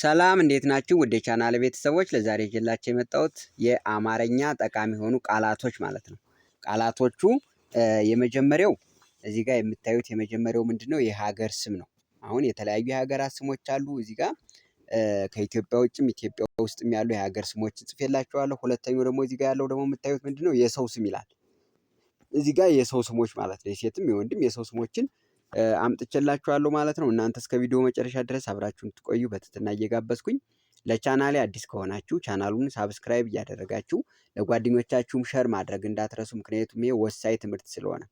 ሰላም እንዴት ናችሁ? ወደ ቻናል ቤተሰቦች ለዛሬ ይዤላችሁ የመጣሁት የአማርኛ ጠቃሚ የሆኑ ቃላቶች ማለት ነው። ቃላቶቹ የመጀመሪያው እዚህ ጋር የምታዩት የመጀመሪያው ምንድን ነው? የሀገር ስም ነው። አሁን የተለያዩ የሀገራት ስሞች አሉ። እዚህ ጋር ከኢትዮጵያ ውጭም ኢትዮጵያ ውስጥም ያሉ የሀገር ስሞች ጽፌላችኋለሁ። ሁለተኛው ደግሞ እዚህ ጋር ያለው ደግሞ የምታዩት ምንድን ነው? የሰው ስም ይላል። እዚህ ጋር የሰው ስሞች ማለት ነው። የሴትም የወንድም የሰው ስሞችን አምጥቼላችኋለሁ ማለት ነው። እናንተ እስከ ቪዲዮ መጨረሻ ድረስ አብራችሁ እንድትቆዩ በትህትና እየጋበዝኩኝ ለቻናሌ አዲስ ከሆናችሁ ቻናሉን ሳብስክራይብ እያደረጋችሁ ለጓደኞቻችሁም ሸር ማድረግ እንዳትረሱ። ምክንያቱም ይሄ ወሳኝ ትምህርት ስለሆነ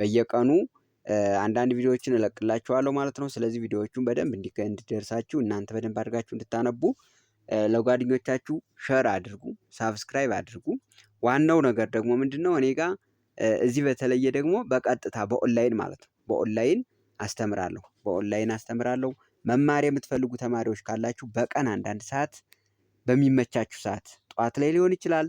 በየቀኑ አንዳንድ ቪዲዮዎችን እለቅላችኋለሁ ማለት ነው። ስለዚህ ቪዲዮዎቹን በደንብ እንዲደርሳችሁ እናንተ በደንብ አድርጋችሁ እንድታነቡ ለጓደኞቻችሁ ሸር አድርጉ፣ ሳብስክራይብ አድርጉ። ዋናው ነገር ደግሞ ምንድን ነው እኔ ጋር እዚህ በተለየ ደግሞ በቀጥታ በኦንላይን ማለት ነው በኦንላይን አስተምራለሁ በኦንላይን አስተምራለሁ። መማር የምትፈልጉ ተማሪዎች ካላችሁ በቀን አንዳንድ ሰዓት በሚመቻችሁ ሰዓት ጠዋት ላይ ሊሆን ይችላል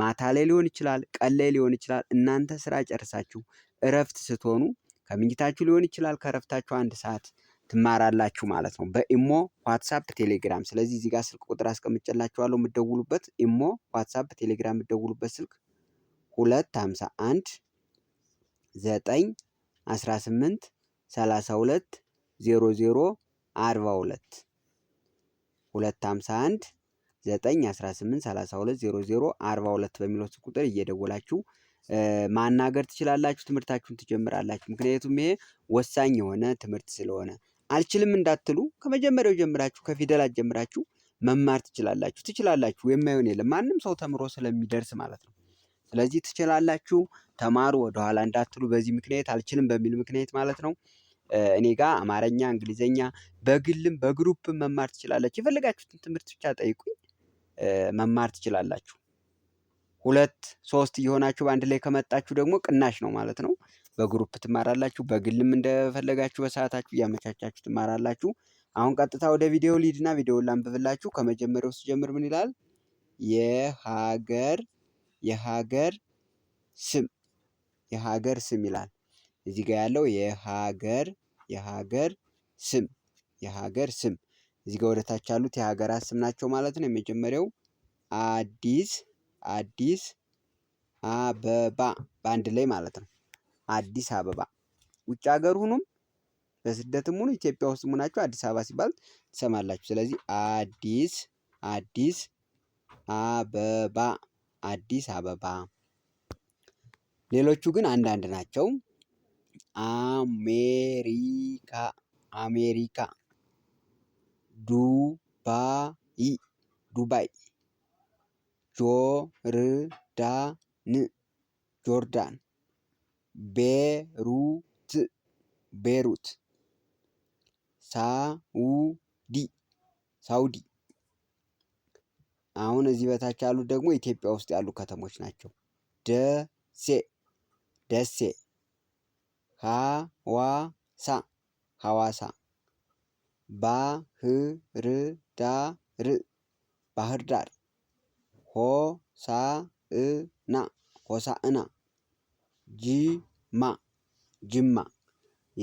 ማታ ላይ ሊሆን ይችላል ቀን ላይ ሊሆን ይችላል እናንተ ስራ ጨርሳችሁ እረፍት ስትሆኑ ከምኝታችሁ ሊሆን ይችላል ከእረፍታችሁ አንድ ሰዓት ትማራላችሁ ማለት ነው። በኢሞ ዋትሳፕ ቴሌግራም ስለዚህ እዚህ ጋር ስልክ ቁጥር አስቀምጨላችኋለሁ የምደውሉበት ኢሞ ዋትሳፕ ቴሌግራም የምደውሉበት ስልክ ሁለት ሃምሳ አንድ ዘጠኝ 18 32 00 42 251 9 18 32 00 42 በሚለው ስልክ ቁጥር እየደወላችሁ ማናገር ትችላላችሁ። ትምህርታችሁን ትጀምራላችሁ። ምክንያቱም ይሄ ወሳኝ የሆነ ትምህርት ስለሆነ አልችልም እንዳትሉ። ከመጀመሪያው ጀምራችሁ ከፊደላት ጀምራችሁ መማር ትችላላችሁ። ትችላላችሁ፣ የማይሆን የለም። ማንም ሰው ተምሮ ስለሚደርስ ማለት ነው። ስለዚህ ትችላላችሁ። ተማሩ ወደኋላ እንዳትሉ በዚህ ምክንያት አልችልም በሚል ምክንያት ማለት ነው። እኔ ጋር አማርኛ እንግሊዘኛ በግልም በግሩፕም መማር ትችላላችሁ የፈለጋችሁትን ትምህርት ብቻ ጠይቁኝ መማር ትችላላችሁ። ሁለት ሶስት እየሆናችሁ በአንድ ላይ ከመጣችሁ ደግሞ ቅናሽ ነው ማለት ነው። በግሩፕ ትማራላችሁ በግልም እንደፈለጋችሁ በሰዓታችሁ እያመቻቻችሁ ትማራላችሁ። አሁን ቀጥታ ወደ ቪዲዮ ሊድና ቪዲዮውን ላንብብላችሁ ከመጀመሪያው ስጀምር ምን ይላል? የሀገር የሀገር ስም የሀገር ስም ይላል። እዚህ ጋር ያለው የሀገር የሀገር ስም የሀገር ስም እዚህ ጋር ወደታች ያሉት የሀገራት ስም ናቸው ማለት ነው። የመጀመሪያው አዲስ አዲስ አበባ በአንድ ላይ ማለት ነው። አዲስ አበባ ውጭ ሀገር ሁኑም በስደትም ሁኑ ኢትዮጵያ ውስጥ ሁናችሁ አዲስ አበባ ሲባል ትሰማላችሁ። ስለዚህ አዲስ አዲስ አበባ አዲስ አበባ ሌሎቹ ግን አንዳንድ ናቸው። አሜሪካ አሜሪካ ዱባይ ዱባይ ጆርዳን ጆርዳን ቤሩት ቤሩት ሳውዲ ሳውዲ አሁን እዚህ በታች ያሉት ደግሞ ኢትዮጵያ ውስጥ ያሉ ከተሞች ናቸው። ደሴ ደሴ ሀዋሳ ሀዋሳ ባህርዳር ባህር ዳር ሆሳዕና ሆሳዕና ጂማ ጅማ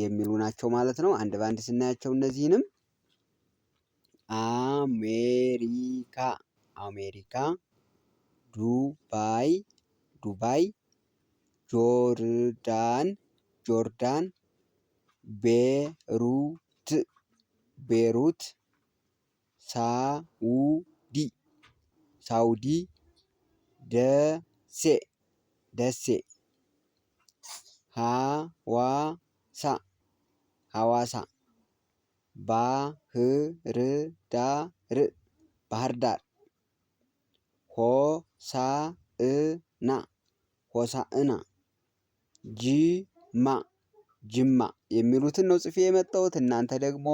የሚሉ ናቸው ማለት ነው። አንድ በአንድ ስናያቸው እነዚህንም አሜሪካ አሜሪካ ዱባይ ዱባይ ጆርዳን ጆርዳን ቤሩት ቤሩት ሳውዲ ሳውዲ ደሴ ደሴ ሀዋሳ ሀዋሳ ባህር ዳር ባህር ዳር ሆሳዕና ሆሳዕና ጂማ ጅማ የሚሉትን ነው ጽፌ የመጣሁት። እናንተ ደግሞ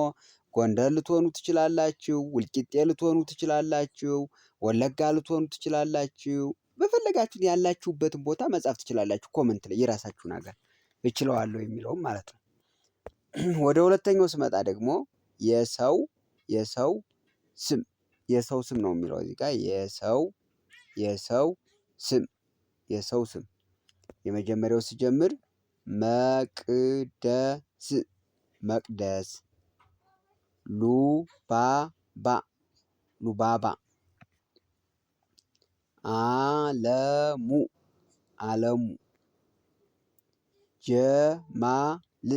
ጎንደር ልትሆኑ ትችላላችሁ፣ ውልቂጤ ልትሆኑ ትችላላችሁ፣ ወለጋ ልትሆኑ ትችላላችሁ። በፈለጋችሁን ያላችሁበትን ቦታ መጻፍ ትችላላችሁ። ኮመንት ላይ የራሳችሁ ነገር እችለዋለሁ የሚለውም ማለት ነው። ወደ ሁለተኛው ስመጣ ደግሞ የሰው የሰው ስም የሰው ስም ነው የሚለው እዚህ ጋር የሰው የሰው ስም የሰው ስም የመጀመሪያው ስጀምር መቅደስ መቅደስ ሉባባ ሉባባ አለሙ አለሙ ጀማል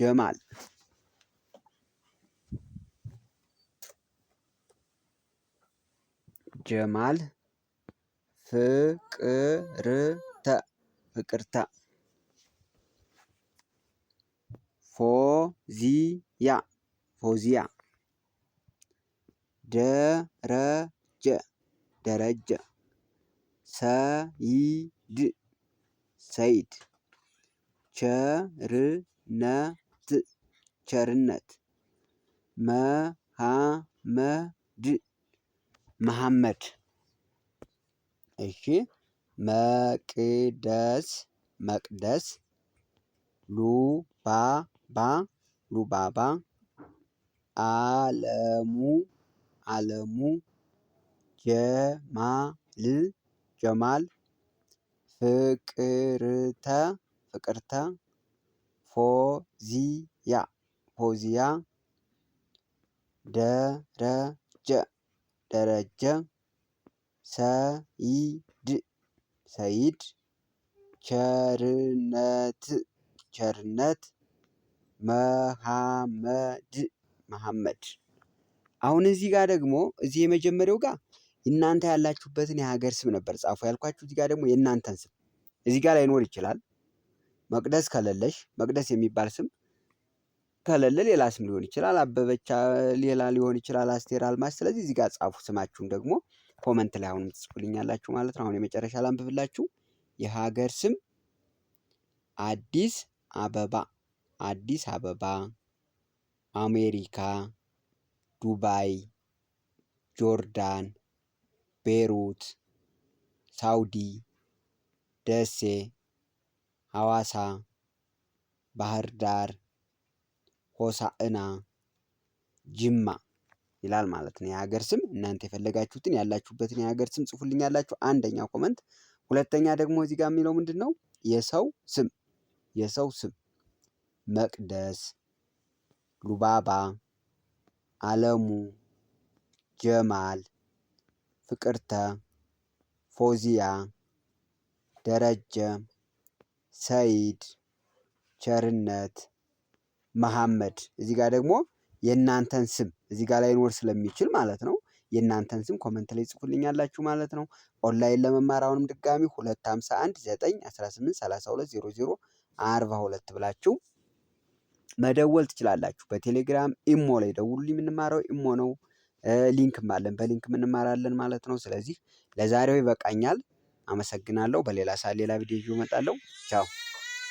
ጀማል ጀማል ፍቅር ፍቅርታ ፎዚያ ፎዚያ ደረጀ ደረጀ ሰይድ ሰይድ ቸርነት ቸርነት መሐመድ መሐመድ እሺ መቅደስ መቅደስ ሉባባ ሉባባ አለሙ አለሙ ጀማል ጀማል ፍቅርተ ፍቅርተ ፎዚያ ፎዚያ ደረጀ ደረጀ ሰይ! ሰይድ ቸርነት ቸርነት መሐመድ መሐመድ አሁን እዚህ ጋር ደግሞ እዚህ የመጀመሪያው ጋር እናንተ ያላችሁበትን የሀገር ስም ነበር ጻፉ ያልኳችሁ። እዚህ ጋር ደግሞ የእናንተን ስም እዚህ ጋር ላይኖር ይችላል። መቅደስ ከሌለሽ መቅደስ የሚባል ስም ከሌለ ሌላ ስም ሊሆን ይችላል። አበበቻ ሌላ ሊሆን ይችላል። አስቴር አልማስ። ስለዚህ እዚህ ጋር ጻፉ ስማችሁን ደግሞ ኮመንት ላይ አሁን ትጽፉልኛላችሁ ማለት ነው። አሁን የመጨረሻ ላንብብላችሁ። የሀገር ስም አዲስ አበባ፣ አዲስ አበባ፣ አሜሪካ፣ ዱባይ፣ ጆርዳን፣ ቤሩት፣ ሳውዲ፣ ደሴ፣ ሐዋሳ፣ ባህር ዳር፣ ሆሳዕና፣ ጅማ ይላል ማለት ነው። የሀገር ስም እናንተ የፈለጋችሁትን ያላችሁበትን የሀገር ስም ጽፉልኝ ያላችሁ አንደኛ ኮመንት። ሁለተኛ ደግሞ እዚህ ጋር የሚለው ምንድን ነው? የሰው ስም የሰው ስም መቅደስ፣ ሉባባ፣ አለሙ፣ ጀማል፣ ፍቅርተ፣ ፎዚያ፣ ደረጀ፣ ሰይድ፣ ቸርነት፣ መሐመድ እዚህ ጋር ደግሞ የእናንተን ስም እዚህ ጋር ላይኖር ስለሚችል ማለት ነው። የእናንተን ስም ኮመንት ላይ ጽፉልኛላችሁ ማለት ነው። ኦንላይን ለመማር አሁንም ድጋሚ ሁለት ብላችሁ መደወል ትችላላችሁ። በቴሌግራም ኢሞ ላይ ደውሉ። የምንማረው ኢሞ ነው። ሊንክም አለን በሊንክ እንማራለን ማለት ነው። ስለዚህ ለዛሬው ይበቃኛል። አመሰግናለሁ። በሌላ ሰዓት ሌላ ቪዲዮ ይዤ እመጣለሁ። ቻው